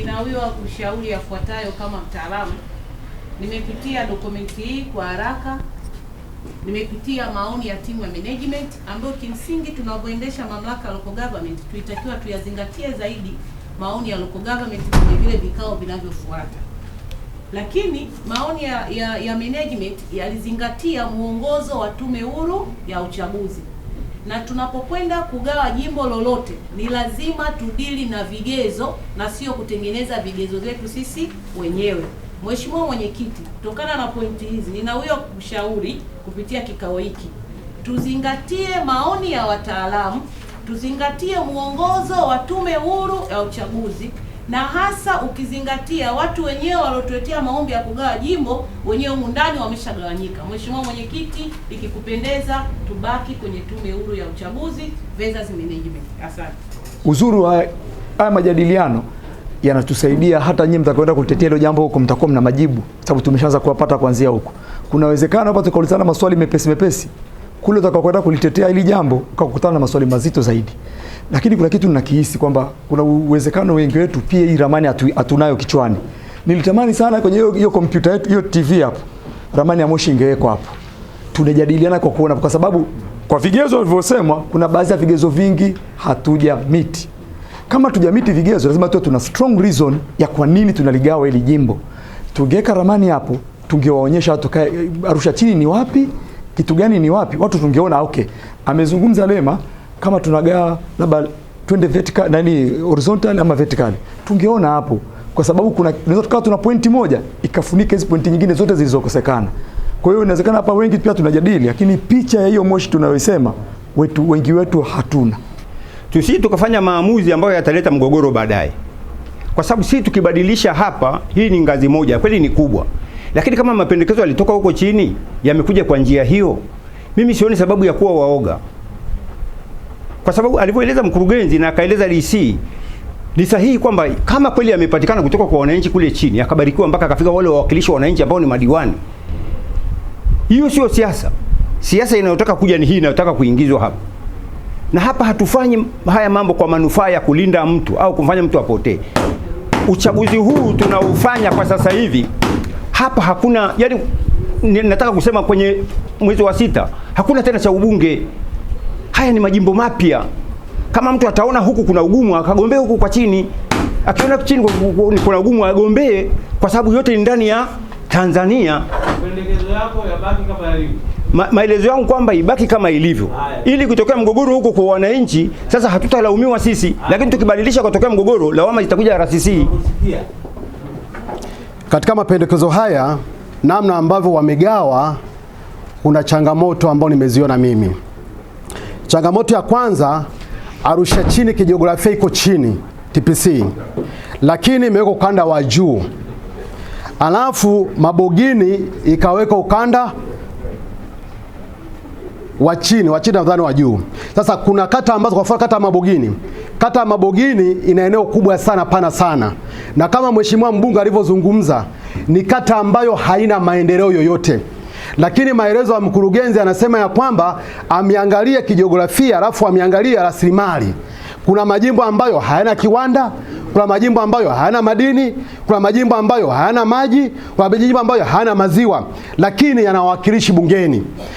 ninawiwa kushauri yafuatayo kama mtaalamu. Nimepitia dokumenti hii kwa haraka, nimepitia maoni ya timu ya management ambayo kimsingi tunavyoendesha mamlaka ya local government tuitakiwa tuyazingatie zaidi maoni ya local government kwenye vile vikao vinavyofuata, lakini maoni ya, ya, ya management yalizingatia mwongozo wa Tume Huru ya Uchaguzi na tunapokwenda kugawa jimbo lolote, ni lazima tudili na vigezo na sio kutengeneza vigezo vyetu sisi wenyewe. Mheshimiwa Mwenyekiti, kutokana na pointi hizi, nina huyo kushauri kupitia kikao hiki, tuzingatie maoni ya wataalamu, tuzingatie mwongozo wa Tume Huru ya Uchaguzi na hasa ukizingatia watu wenyewe waliotuletea maombi ya kugawa jimbo wenyewe humu ndani wameshagawanyika. Mheshimiwa Mwenyekiti, ikikupendeza tubaki kwenye Tume Huru ya Uchaguzi versus management. Asante. Uzuri wa haya majadiliano yanatusaidia hata nyinyi mtakaoenda kutetea hilo jambo huko mtakuwa mna majibu, sababu tumeshaanza kuwapata kuanzia huko. Kuna uwezekano hapa tukaulizana maswali mepesi mepesi kule utakokwenda kulitetea hili jambo ukakutana na maswali mazito zaidi. Lakini kuna kitu ninakihisi kwamba kuna uwezekano wengi wetu pia hii ramani hatu, hatunayo kichwani. Nilitamani sana kwenye hiyo kompyuta yetu hiyo TV hapo, ramani ya Moshi ingewekwa hapo, tunajadiliana kwa kuona, kwa sababu kwa vigezo vilivyosemwa, kuna baadhi ya vigezo vingi hatuja miti. Kama tujamiti vigezo, lazima tuwe tuna strong reason ya kwa nini tunaligawa hili jimbo. Tungeweka ramani hapo, tungewaonyesha watu Arusha chini ni wapi kitu gani ni wapi, watu tungeona okay, amezungumza Lema kama tunagaa labda twende vertical nani horizontal ama vertical, tungeona hapo, kwa sababu kuna tunaweza tukawa tuna pointi moja ikafunika hizo pointi nyingine zote zilizokosekana. Kwa hiyo inawezekana hapa wengi pia tunajadili, lakini picha ya hiyo moshi tunayoisema wetu wengi wetu hatuna, tusi tukafanya maamuzi ambayo yataleta mgogoro baadaye, kwa sababu si tukibadilisha hapa, hii ni ngazi moja kweli ni kubwa lakini kama mapendekezo yalitoka huko chini yamekuja kwa njia hiyo, mimi sioni sababu ya kuwa waoga, kwa sababu alivyoeleza mkurugenzi na akaeleza DC ni sahihi kwamba kama kweli yamepatikana kutoka kwa wananchi kule chini, akabarikiwa mpaka akafika wale wawakilishi wa wananchi ambao ni madiwani. Hiyo sio siasa. Siasa inayotaka kuja ni hii inayotaka kuingizwa hapa, na hapa hatufanyi haya mambo kwa manufaa ya kulinda mtu au kumfanya mtu apotee. Uchaguzi huu tunaufanya kwa sasa hivi hapa hakuna yani, nataka kusema kwenye mwezi wa sita hakuna tena cha ubunge. Haya ni majimbo mapya. Kama mtu ataona huku kuna ugumu akagombee huku kwa chini, akiona chini kuna ugumu agombee, kwa sababu yote ni ndani ya Tanzania. maelezo yangu kwamba ibaki kama ilivyo ili kutokea mgogoro huko kwa wananchi. Sasa hatutalaumiwa sisi, lakini tukibadilisha kutokea mgogoro, lawama zitakuja RCC. Katika mapendekezo haya, namna ambavyo wamegawa, kuna changamoto ambayo nimeziona mimi. Changamoto ya kwanza, Arusha chini kijiografia iko chini TPC, lakini imewekwa ukanda wa juu, alafu Mabogini ikaweka ukanda wa chini wa chini nadhani wa juu. Sasa kuna kata ambazo kwa mfano kata ya Mabogini, kata ya Mabogini ina eneo kubwa sana, pana sana na kama mheshimiwa mbunge alivyozungumza, ni kata ambayo haina maendeleo yoyote, lakini maelezo ya mkurugenzi anasema ya kwamba ameangalia kijiografia, alafu ameangalia rasilimali. Kuna majimbo ambayo hayana kiwanda, kuna majimbo ambayo hayana madini, kuna majimbo ambayo hayana maji, kuna majimbo ambayo hayana maziwa, lakini yanawakilishi bungeni.